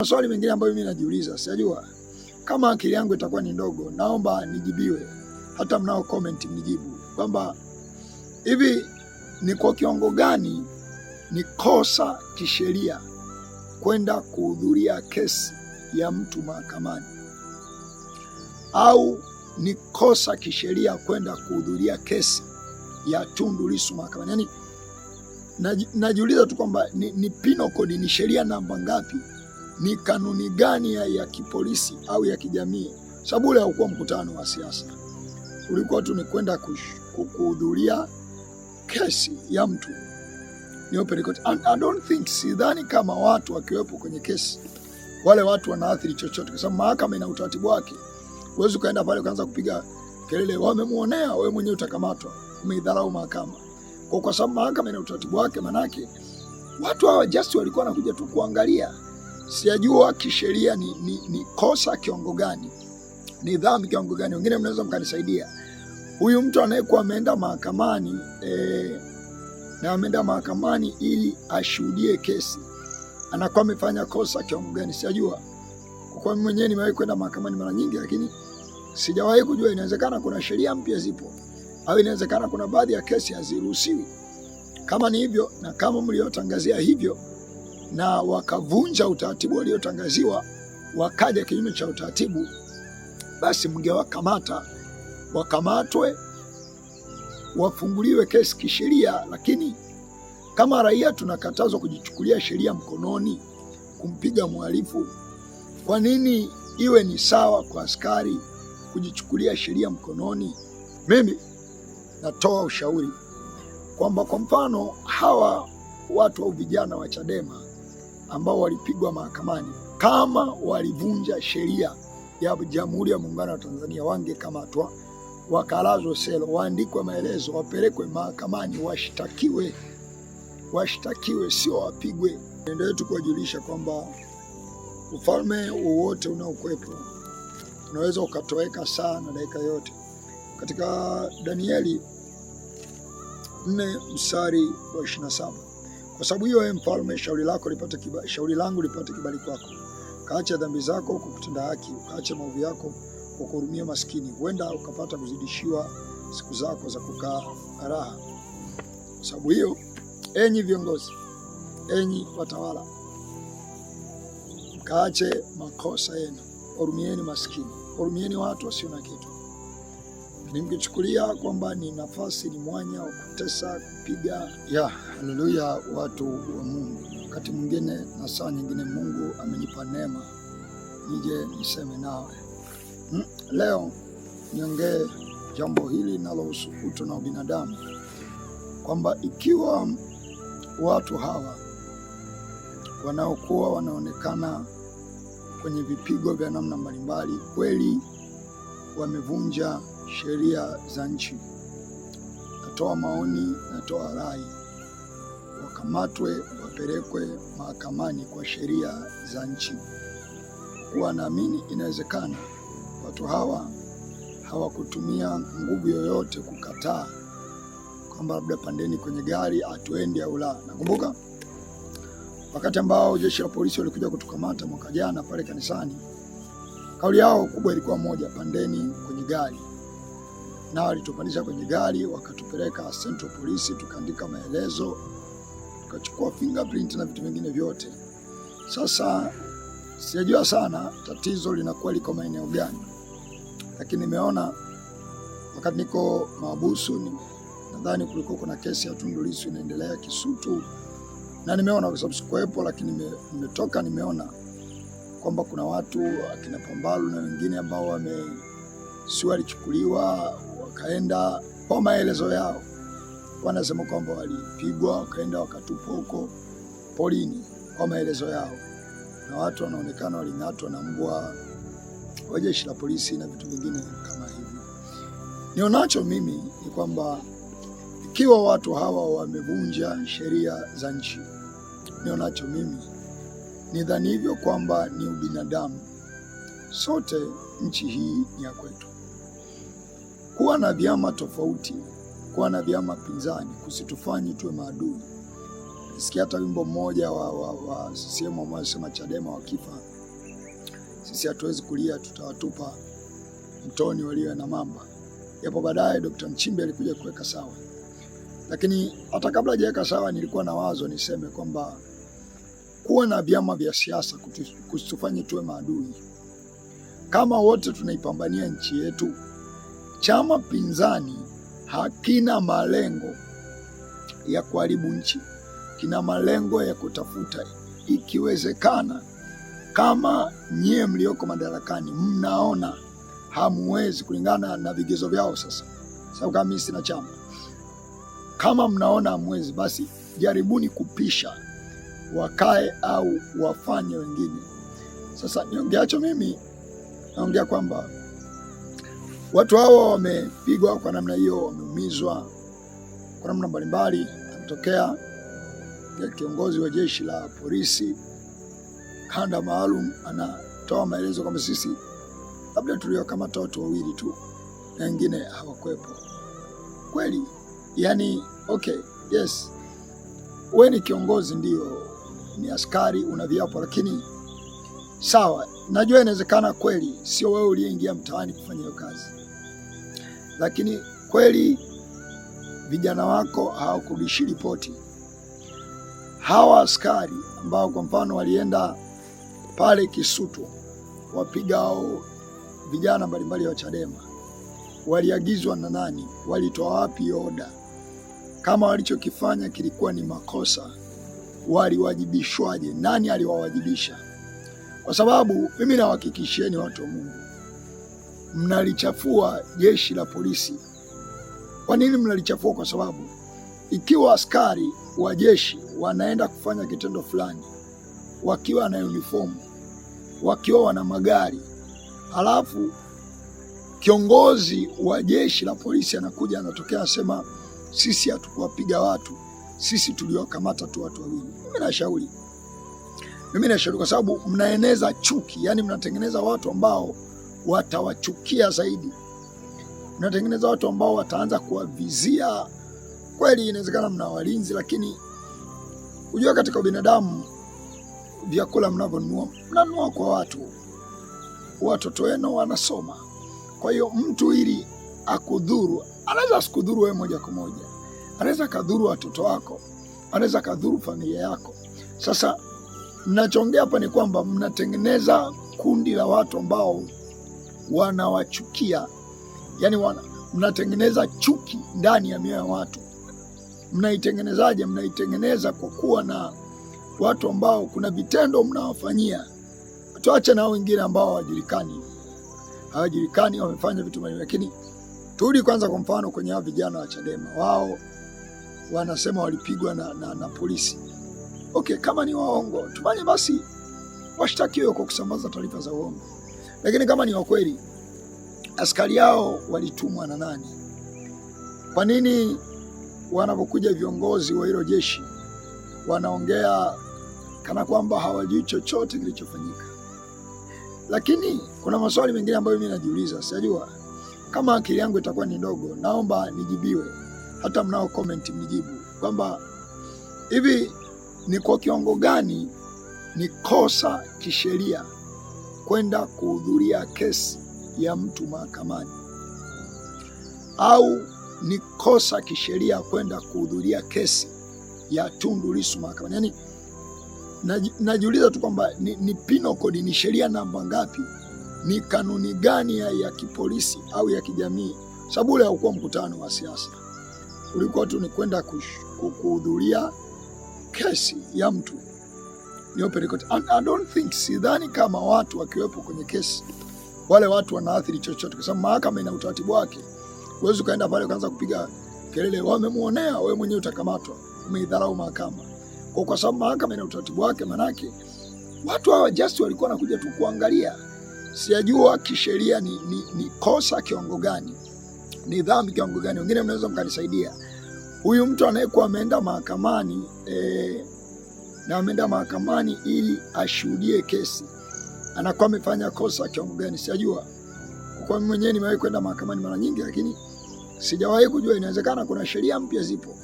Maswali mengine ambayo mimi najiuliza, sijajua kama akili yangu itakuwa ni ndogo, naomba nijibiwe, hata mnao comment mnijibu kwamba hivi ni kwa kiwango gani ni kosa kisheria kwenda kuhudhuria kesi ya mtu mahakamani au ni kosa kisheria kwenda kuhudhuria kesi ya Tundu Lissu mahakamani? Yaani najiuliza tu kwamba ni, ni pino code ni sheria namba ngapi ni kanuni gani ya, ya kipolisi au ya kijamii? Sababu ule haukuwa mkutano wa siasa, ulikuwa tu ni kwenda kuhudhuria kesi ya mtu court. And I don't think, sidhani kama watu wakiwepo kwenye kesi wale watu wanaathiri chochote, kwa sababu mahakama ina utaratibu wake. Huwezi ukaenda pale ukaanza kupiga kelele, wamemuonea, wewe mwenyewe utakamatwa, umeidharau mahakama. Kwa kwa sababu mahakama ina utaratibu wake, manake watu hawa just walikuwa wanakuja tu kuangalia Sijajua kisheria ni, ni, ni kosa kiwango gani, ni nidhamu kiwango gani? Wengine mnaweza mkanisaidia. Huyu mtu anayekuwa ameenda mahakamani eh, na ameenda mahakamani ili ashuhudie kesi anakuwa amefanya kosa kiwango gani? Sijajua kwa mimi mwenyewe, nimewahi kwenda mahakamani mara nyingi, lakini sijawahi kujua. Inawezekana kuna sheria mpya zipo, au inawezekana kuna baadhi ya kesi haziruhusiwi. Kama ni hivyo na kama mliotangazia hivyo na wakavunja utaratibu waliotangaziwa, wakaja kinyume cha utaratibu, basi mngewakamata, wakamatwe, wafunguliwe kesi kisheria. Lakini kama raia tunakatazwa kujichukulia sheria mkononi kumpiga mhalifu, kwa nini iwe ni sawa kwa askari kujichukulia sheria mkononi? Mimi natoa ushauri kwamba, kwa mfano, hawa watu au vijana wa Chadema ambao walipigwa mahakamani kama walivunja sheria ya Jamhuri ya Muungano wa Tanzania wangekamatwa wakalazwa selo, waandikwe maelezo, wapelekwe mahakamani, washtakiwe, washtakiwe, sio wapigwe. Nendo yetu kuwajulisha kwamba ufalme wowote unaokwepo unaweza ukatoweka saa na dakika yote. Katika Danieli 4 mstari wa 27. Kwa sababu hiyo, ee mfalme, shauri lako lipate kibali, shauri langu lipate kibali kwako. Kaacha dhambi zako kwa kutenda haki, ukaacha maovu yako kwa kuhurumia maskini, huenda ukapata kuzidishiwa siku zako za kukaa raha. Kwa sababu hiyo, enyi viongozi, enyi watawala, mkaache makosa yenu, hurumieni maskini, hurumieni watu wasio na kitu nimkichukulia kwamba ni nafasi, ni mwanya wa kutesa, kupiga ya haleluya, watu wa Mungu. Wakati mwingine na saa nyingine Mungu amenipa neema nije niseme nawe hmm. Leo niongee jambo hili linalohusu utu na ubinadamu, kwamba ikiwa watu hawa wanaokuwa wanaonekana kwenye vipigo vya namna mbalimbali kweli wamevunja sheria za nchi. Natoa maoni, natoa rai, wakamatwe wapelekwe mahakamani kwa sheria za nchi, kuwa naamini inawezekana watu hawa hawakutumia nguvu yoyote kukataa kwamba labda pandeni kwenye gari atuende au la. Nakumbuka wakati ambao jeshi la polisi walikuja kutukamata mwaka jana pale kanisani, kauli yao kubwa ilikuwa moja, pandeni kwenye gari na walitupandisha kwenye gari wakatupeleka Central Police, tukaandika maelezo, tukachukua fingerprint na vitu vingine vyote. Sasa sijajua sana tatizo linakuwa liko maeneo gani, lakini nimeona wakati niko mahabusu, nadhani kulikuwa kuna kesi ya Tundu Lissu inaendelea Kisutu, na nimeona kwa sababu sikuwepo, lakini nimetoka, nimeona kwamba kuna watu akina Pambalu na wengine ambao wame si walichukuliwa wakaenda kwa maelezo yao, wanasema kwamba walipigwa wakaenda wakatupwa huko polini kwa maelezo yao, na watu wanaonekana waling'atwa na mbwa wa jeshi la polisi na vitu vingine kama hivyo. Nionacho mimi ni kwamba ikiwa watu hawa wamevunja sheria za nchi, nionacho mimi ni dhani hivyo kwamba ni ubinadamu, sote nchi hii ni ya kwetu kuwa na vyama tofauti, kuwa na vyama pinzani kusitufanyi tuwe maadui. Sikia hata wimbo mmoja wa, wa, wa CCM ambao sema Chadema wakifa sisi hatuwezi kulia, tutawatupa mtoni walio na mamba. Yapo baadaye Dr. Mchimbe alikuja kuweka sawa, lakini hata kabla hajaweka sawa nilikuwa na wazo niseme kwamba kuwa na vyama vya siasa kusitufanye tuwe maadui. Kama wote tunaipambania nchi yetu chama pinzani hakina malengo ya kuharibu nchi, kina malengo ya kutafuta, ikiwezekana, kama nyie mlioko madarakani mnaona hamuwezi kulingana na vigezo vyao. Sasa sababu kama mimi sina chama, kama mnaona hamuwezi, basi jaribuni kupisha wakae au wafanye wengine. Sasa niongeacho mimi naongea kwamba Watu hao wamepigwa kwa namna hiyo, wameumizwa kwa namna mbalimbali. Ametokea kiongozi wa jeshi la polisi kanda maalum, anatoa maelezo kwamba sisi labda tuliokamata watu wawili tu na wengine hawakwepo. Kweli yani, okay, yes, we ni kiongozi, ndio ni askari, una viapo, lakini sawa, najua inawezekana kweli sio wewe uliyeingia mtaani kufanya hiyo kazi lakini kweli vijana wako hawakudishi ripoti. Hawa askari ambao kwa mfano walienda pale Kisutu wapigao vijana mbalimbali wa Chadema waliagizwa na nani? Walitoa wapi oda? Kama walichokifanya kilikuwa ni makosa, waliwajibishwaje? Nani aliwawajibisha? Kwa sababu mimi nawahakikishieni watu wa Mungu mnalichafua jeshi la polisi. Kwa nini mnalichafua? Kwa sababu ikiwa askari wa jeshi wanaenda kufanya kitendo fulani, wakiwa na uniform, wakiwa wana magari, halafu kiongozi wa jeshi la polisi anakuja anatokea anasema, sisi hatukuwapiga watu, sisi tuliwakamata tu watu wawili. Mimi nashauri, mimi nashauri, kwa sababu mnaeneza chuki, yani mnatengeneza watu ambao watawachukia zaidi. natengeneza watu ambao wataanza kuwavizia. Kweli inawezekana mna walinzi, lakini hujua katika ubinadamu, vyakula mnavyonunua mnanunua kwa watu, watoto wenu wanasoma. Kwa hiyo mtu ili akudhuru, anaweza asikudhuru wewe moja kwa moja, anaweza akadhuru watoto wako, anaweza akadhuru familia yako. Sasa nachoongea hapa ni kwamba mnatengeneza kundi la watu ambao wanawachukia, yani wana, mnatengeneza chuki ndani ya mioyo ya watu. Mnaitengenezaje? Mnaitengeneza kwa kuwa na watu ambao kuna vitendo mnawafanyia. Tuache na wengine ambao hawajulikani, hawajulikani wamefanya vitu mbalimbali, lakini turudi kwanza, kwa mfano kwenye hao vijana wa Chadema, wao wanasema walipigwa na, na, na polisi. Okay, kama ni waongo tufanye basi washtakiwe kwa kusambaza taarifa za uongo. Lakini kama ni wakweli, askari hao walitumwa na nani? Kwa nini wanapokuja viongozi wa hilo jeshi wanaongea kana kwamba hawajui chochote kilichofanyika? Lakini kuna maswali mengine ambayo mimi najiuliza, sijajua kama akili yangu itakuwa ni ndogo. Naomba nijibiwe, hata mnao comment mnijibu kwamba hivi ni kwa kiwango gani ni kosa kisheria kwenda kuhudhuria kesi ya mtu mahakamani, au ni kosa kisheria kwenda kuhudhuria kesi ya Tundu Lissu mahakamani. Yaani najiuliza tu kwamba ni, ni pino kodi, ni sheria namba ngapi? Ni kanuni gani ya, ya kipolisi au ya kijamii? Sababu ule haukuwa mkutano wa siasa, ulikuwa tu ni kwenda kuhudhuria kesi ya mtu. Niwape rekodi. I don't think, sidhani kama watu wakiwepo kwenye kesi wale watu wanaathiri chochote, kwa sababu mahakama ina utaratibu wake. Huwezi ukaenda pale ukaanza kupiga kelele, wamemuonea. Wewe mwenyewe utakamatwa, umeidharau mahakama. Kwa kwa sababu mahakama ina utaratibu wake, maanake watu hawa just walikuwa wanakuja tu kuangalia. Sijajua kisheria ni, ni, ni kosa kiwango gani, ni dhambi kiwango gani. Wengine mnaweza mkanisaidia, huyu mtu anayekuwa ameenda mahakamani eh, na ameenda mahakamani ili ashuhudie kesi, anakuwa amefanya kosa kiwango gani sijajua. Kwa mimi mwenyewe nimewahi kwenda mahakamani mara nyingi, lakini sijawahi kujua. Inawezekana kuna sheria mpya zipo,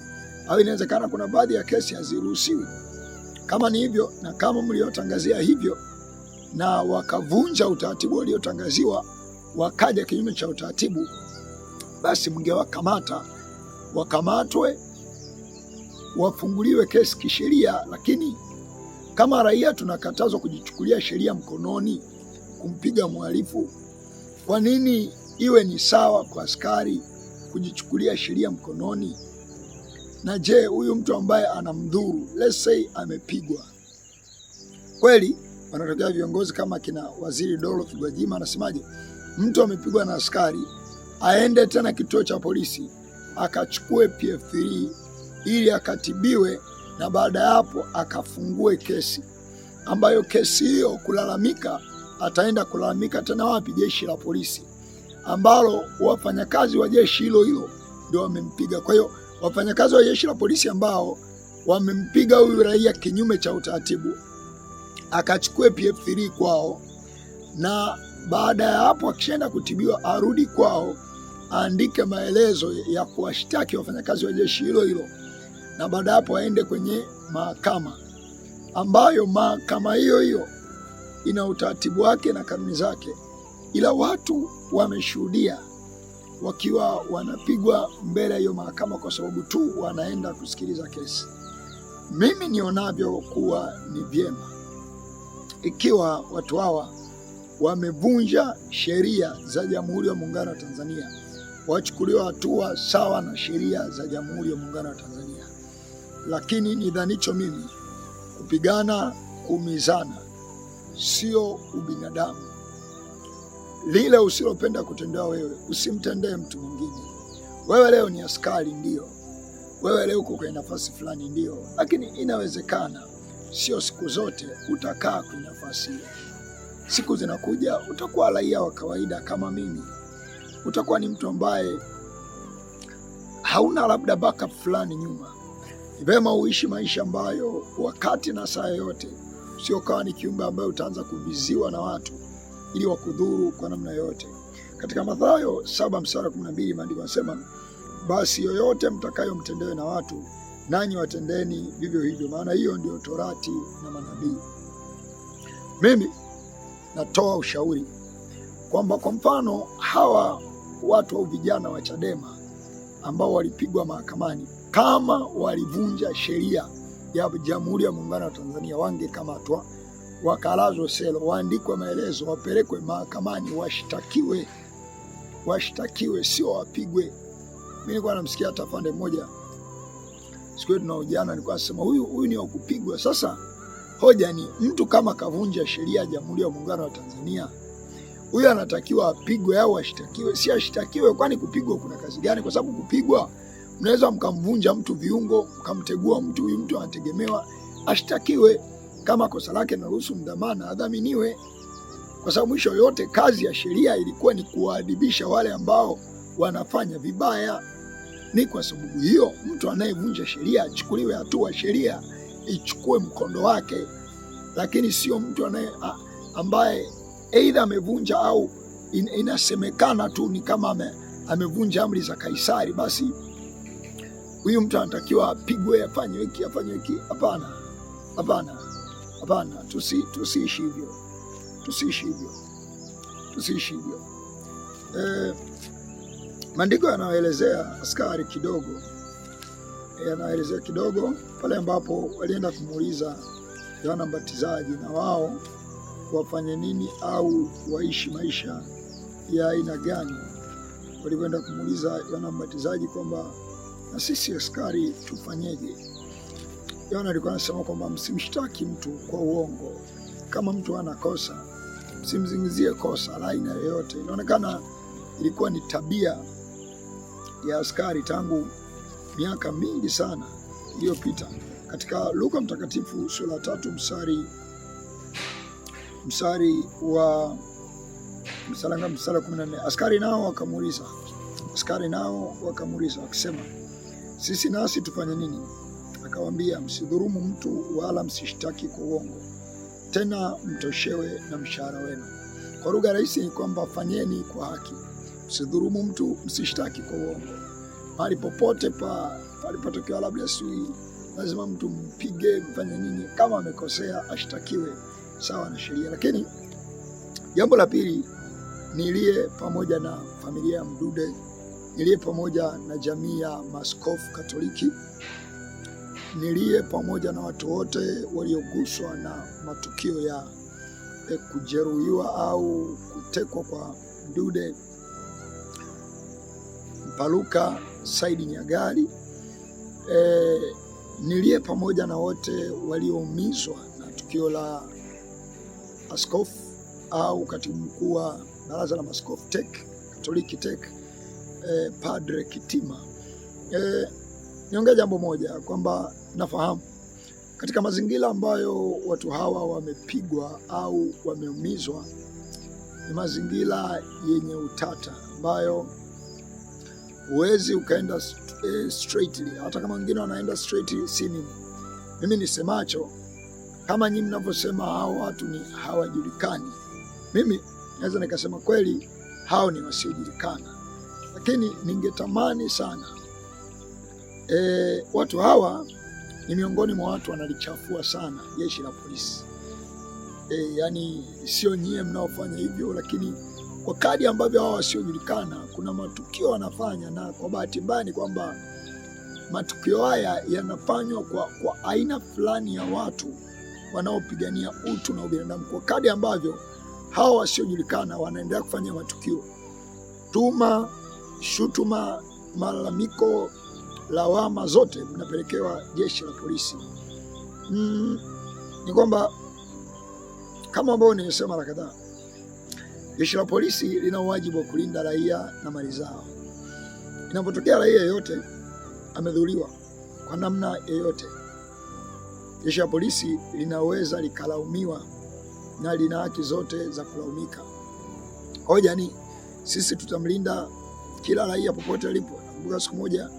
au inawezekana kuna baadhi ya kesi haziruhusiwi. Kama ni hivyo na kama mliotangazia hivyo na wakavunja utaratibu waliotangaziwa, wakaja kinyume cha utaratibu, basi mngewakamata wakamatwe wafunguliwe kesi kisheria, lakini kama raia tunakatazwa kujichukulia sheria mkononi kumpiga mhalifu, kwa nini iwe ni sawa kwa askari kujichukulia sheria mkononi? Na je, huyu mtu ambaye anamdhuru let's say amepigwa kweli, wanatokea viongozi kama kina Waziri Dorothy Gwajima anasemaje, mtu amepigwa na askari aende tena kituo cha polisi akachukue PF3 ili akatibiwe na baada ya hapo akafungue kesi, ambayo kesi hiyo kulalamika ataenda kulalamika tena wapi? Jeshi la polisi, ambalo wafanyakazi wa jeshi hilo hilo ndio wamempiga. Kwa hiyo wafanyakazi wa jeshi la polisi ambao wamempiga huyu raia kinyume cha utaratibu, akachukue PF3 kwao, na baada ya hapo akishaenda kutibiwa arudi kwao, aandike maelezo ya kuwashtaki wafanyakazi wa jeshi hilo hilo na baada hapo aende kwenye mahakama ambayo mahakama hiyo hiyo ina utaratibu wake na kanuni zake, ila watu wameshuhudia wakiwa wanapigwa mbele ya hiyo mahakama kwa sababu tu wanaenda kusikiliza kesi. Mimi nionavyo kuwa ni vyema ikiwa watu hawa wamevunja sheria za Jamhuri ya Muungano wa Tanzania, wachukuliwa hatua sawa na sheria za Jamhuri ya Muungano wa Tanzania lakini nidhanicho mimi, kupigana kuumizana sio ubinadamu. Lile usilopenda kutendewa wewe usimtendee mtu mwingine. Wewe leo ni askari ndio, wewe leo uko kwenye nafasi fulani ndio, lakini inawezekana sio siku zote utakaa kwenye nafasi hiyo. Siku zinakuja utakuwa raia wa kawaida kama mimi, utakuwa ni mtu ambaye hauna labda backup fulani nyuma Vema uishi maisha ambayo wakati na saa yote sio kawa ni kiumbe ambaye utaanza kuviziwa na watu ili wakudhuru kwa namna yoyote. Katika Mathayo saba mstari kumi na mbili maandiko anasema, basi yoyote mtakayomtendewe na watu nanyi watendeni vivyo hivyo, maana hiyo ndio torati na manabii. Mimi natoa ushauri kwamba kwa mfano hawa watu au vijana wa Chadema ambao walipigwa mahakamani kama walivunja sheria ya Jamhuri ya Muungano wa Tanzania wangekamatwa wakalazwe selo, waandikwe maelezo, wapelekwe mahakamani, washtakiwe, washtakiwe, sio wapigwe. Mimi nilikuwa namsikia hata pande moja siku hiyo tunaojana, nilikuwa nasema huyu huyu ni wakupigwa Sasa hoja ni mtu kama kavunja sheria ya Jamhuri ya Muungano wa Tanzania, huyu anatakiwa apigwe au ashtakiwe? Si ashtakiwe? Kwani kupigwa kuna kazi gani? Kwa sababu kupigwa mnaweza mkamvunja mtu viungo, mkamtegua mtu, huyu mtu anategemewa ashtakiwe, kama kosa lake linaruhusu mdhamana adhaminiwe, kwa sababu mwisho yote kazi ya sheria ilikuwa ni kuwaadhibisha wale ambao wanafanya vibaya. Ni kwa sababu hiyo mtu anayevunja sheria achukuliwe hatua, sheria ichukue mkondo wake, lakini sio mtu anaye ambaye aidha amevunja au in, inasemekana tu ni kama ame, amevunja amri za Kaisari basi huyu mtu anatakiwa apigwe, afanye hiki, afanye hiki. Hapana, hapana, hapana, tusi tusiishi hivyo, tusiishi hivyo, tusiishi hivyo. E, maandiko yanaelezea askari kidogo, eh, yanaelezea kidogo pale ambapo walienda kumuuliza Yohana Mbatizaji na wao wafanye nini au waishi maisha ya aina gani. Walikwenda kumuuliza Yohana Mbatizaji kwamba na sisi askari tufanyeje? Jana alikuwa anasema kwamba msimshtaki mtu kwa uongo. Kama mtu ana kosa, msimzingizie kosa la aina yoyote. Inaonekana ilikuwa ni tabia ya askari tangu miaka mingi sana iliyopita. Katika Luka Mtakatifu sura ya tatu msari msari wa msalanga na nne askari nao wakamuuliza askari nao wakamuuliza wakisema sisi nasi tufanye nini? akawambia msidhurumu mtu wala msishtaki kwa uongo, tena mtoshewe na mshahara wenu. Kwa lugha rahisi ni kwamba fanyeni kwa haki, msidhurumu mtu, msishtaki kwa uongo. Pali popote pa palipotokewa labda sui, lazima mtu mpige, mfanye nini, kama amekosea ashtakiwe sawa na sheria. Lakini jambo la pili, niliye pamoja na familia ya Mdude niliye pamoja na jamii ya maskofu Katoliki, niliye pamoja na watu wote walioguswa na matukio ya e, kujeruhiwa au kutekwa kwa Mdude Mpaluka Saidi Nyagali, e, niliye pamoja na wote walioumizwa na tukio la askofu au katibu mkuu wa baraza la maskofu TEC Katoliki TEC eh, Padre Kitima. Eh, niongea jambo moja kwamba nafahamu katika mazingira ambayo watu hawa wamepigwa au wameumizwa ni mazingira yenye utata ambayo huwezi ukaenda eh, straightly. Hata kama wengine wanaenda straight, si mimi mimi nisemacho kama nyinyi mnavyosema hao watu ni hawajulikani, mimi naweza nikasema kweli hao ni wasiojulikana lakini ningetamani sana e, watu hawa ni miongoni mwa watu wanalichafua sana jeshi la polisi e, yani sio nyie mnaofanya hivyo, lakini kwa kadi ambavyo hawa wasiojulikana, kuna matukio wanafanya, na kwa bahati mbaya ni kwamba matukio haya yanafanywa kwa, kwa aina fulani ya watu wanaopigania utu na ubinadamu. Kwa kadi ambavyo hawa wasiojulikana wanaendelea kufanya matukio tuma shutuma, malalamiko, lawama zote mnapelekewa jeshi la polisi. Mm, ni kwamba kama ambavyo nimesema mara kadhaa, jeshi la polisi lina wajibu wa kulinda raia na mali zao. Inapotokea raia yeyote amedhuliwa kwa namna yoyote, jeshi la polisi linaweza likalaumiwa na lina haki zote za kulaumika. Kwa hiyo, sisi tutamlinda kila raia popote alipo. Nakumbuka siku moja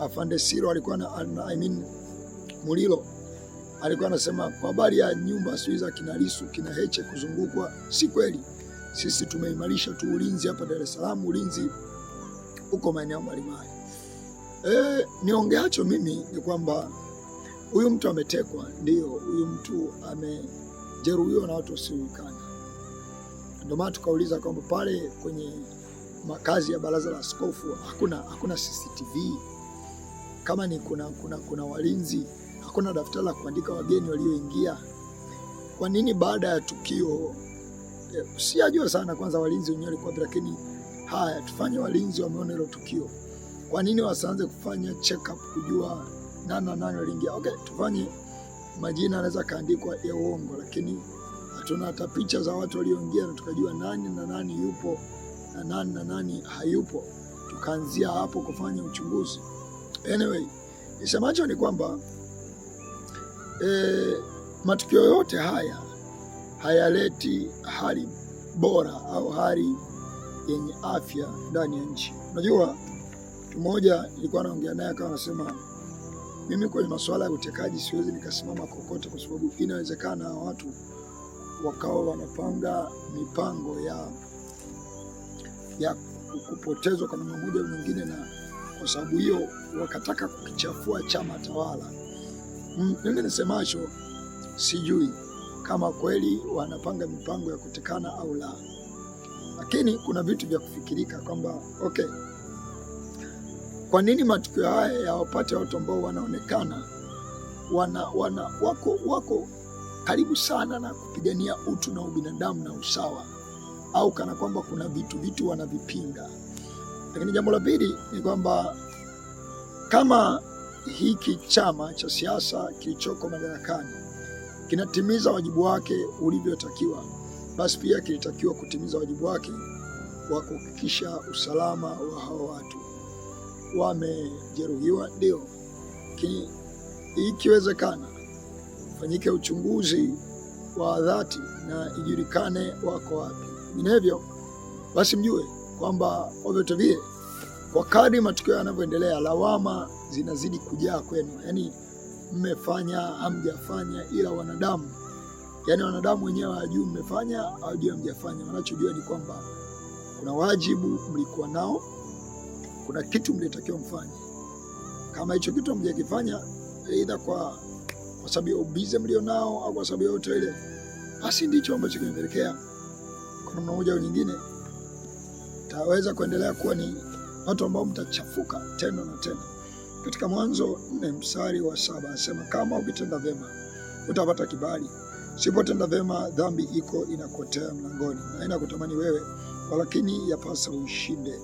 afande Siro alikuwa na I mean Mulilo alikuwa anasema kwa habari ya nyumba sijui za kina Lisu kina Heche kuzungukwa, si kweli. Sisi tumeimarisha tu ulinzi hapa Dar es Salaam, ulinzi huko maeneo mbalimbali. Eh, niongeacho mimi ni kwamba huyu mtu ametekwa, ndio huyu mtu amejeruhiwa na watu wasiojulikana. Ndio maana tukauliza kwamba pale kwenye makazi ya baraza la askofu hakuna, hakuna CCTV kama ni kuna, kuna, kuna walinzi, hakuna daftari la kuandika wageni walioingia. Kwa nini baada ya tukio eh, siyajua sana. Kwanza walinzi wenyewe walikuwa, lakini haya tufanye walinzi wameona hilo tukio. Kwa nini wasianze kufanya check up kujua nani na nani waliingia? Okay, tufanye majina, anaweza kaandikwa ya uongo, lakini hatuna hata picha za watu walioingia na tukajua nani na nani yupo na nani na nani hayupo. Tukaanzia hapo kufanya uchunguzi. Anyway, nisemacho ni kwamba e, matukio yote haya hayaleti hali bora au hali yenye afya ndani ya nchi. Unajua, mtu mmoja nilikuwa naongea naye akawa anasema mimi kwenye masuala ya utekaji siwezi nikasimama kokote, kwa sababu inawezekana watu wakawa wanapanga mipango ya ya kupotezwa kwa namna moja au nyingine, na kwa sababu hiyo wakataka kukichafua chama tawala. Mm, mimi nisemacho sijui kama kweli wanapanga mipango ya kutekana au la, lakini kuna vitu vya kufikirika kwamba okay, kwa nini matukio haya yawapate watu ambao wanaonekana wana, wana, wako, wako karibu sana na kupigania utu na ubinadamu na usawa au kana kwamba kuna vitu vitu wanavipinga. Lakini jambo la pili ni kwamba kama hiki chama cha siasa kilichoko madarakani kinatimiza wajibu wake ulivyotakiwa, basi pia kilitakiwa kutimiza wajibu wake wa kuhakikisha usalama wa hawa watu. Wamejeruhiwa ndio, lakini ikiwezekana fanyike uchunguzi wa dhati na ijulikane wako wapi. Vinginevyo basi mjue kwamba ovyotovie, kwa kadri matukio yanavyoendelea, lawama zinazidi kujaa kwenu. Yaani mmefanya hamjafanya, ila wanadamu, yaani wanadamu wenyewe hawajui mmefanya, hawajui hamjafanya. Wanachojua ni kwamba kuna wajibu mlikuwa nao, kuna kitu mlitakiwa mfanye. Kama hicho kitu hamjakifanya, aidha kwa kwa sababu ya ubize mlionao au kwa sababu yoyote ile, basi ndicho ambacho kimepelekea namna moja au nyingine, taweza kuendelea kuwa ni watu ambao mtachafuka tena na tena. Katika Mwanzo nne mstari wa saba anasema kama ukitenda vyema utapata kibali, usipotenda vyema dhambi iko inakotea mlangoni na inakutamani wewe, walakini yapasa uishinde.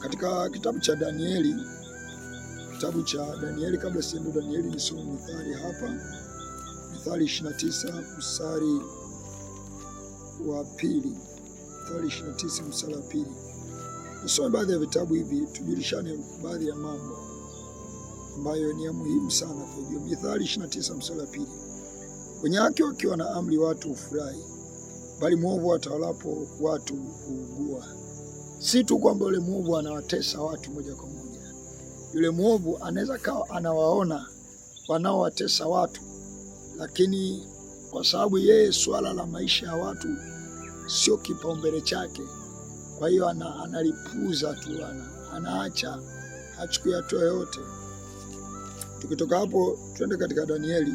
Katika kitabu cha Danieli, kitabu cha Danieli, kabla siende Danieli nisome Mithali hapa, Mithali 29 mstari wa pili mstari 29 mstari wa pili. Tusome baadhi ya vitabu hivi tujulishane baadhi ya mambo ambayo ni ya muhimu sana kujua. Mithali 29 mstari wa pili, wenye haki wakiwa na amri watu hufurahi, bali mwovu atawalapo watu huugua. Si tu kwamba yule mwovu anawatesa watu moja kwa moja, yule mwovu anaweza kawa anawaona wanaowatesa watu, lakini kwa sababu yeye swala la maisha ya watu sio kipaumbele chake. Kwa hiyo ana, analipuza tu ana, anaacha hachukui hatua yoyote. Tukitoka hapo tuende katika Danieli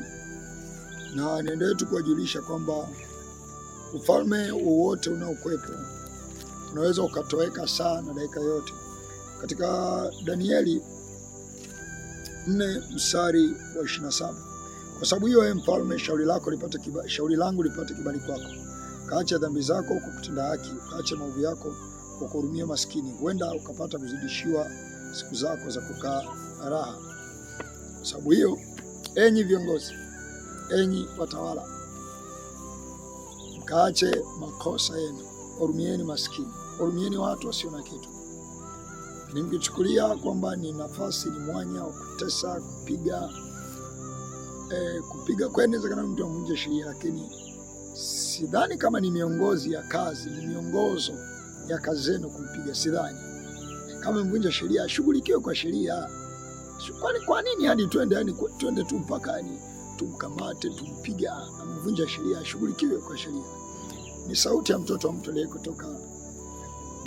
na niendelee tu kuwajulisha kwamba ufalme wowote unaokwepo unaweza ukatoweka saa na dakika yote. Katika Danieli nne mstari wa saba kwa sababu hiyo, ee mfalme, shauri lako lipate kibali, shauri langu lipate kibali kwako. Kaacha dhambi zako kwa kutenda haki, ukaache maovu yako kwa kuhurumia maskini, huenda ukapata kuzidishiwa siku zako za kukaa raha. Kwa sababu hiyo, enyi viongozi, enyi watawala, mkaache makosa yenu, hurumieni maskini, hurumieni watu wasio na kitu nimkichukulia kwamba ni nafasi, ni mwanya wa kutesa, kupiga eh, kupiga kwa inaweza kana mtu amvunje sheria, lakini sidhani kama ni miongozi ya kazi, ni miongozo ya kazi zenu kumpiga, sidhani kama mvunja sheria ashughulikiwe kwa sheria. Kwani kwa nini hadi twende yani twende tu mpaka yani tumkamate tumpiga? Amvunja sheria ashughulikiwe kwa sheria. Ni sauti ya mtoto wa mtu aliye kutoka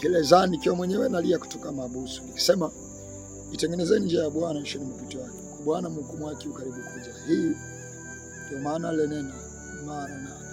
gerezani, kiwa mwenyewe nalia kutoka mabusu nikisema itengenezeni njia ya Bwana, isheni mpito wake. Bwana mhukumu haki yu kuja. Hii ndio maana lenena maana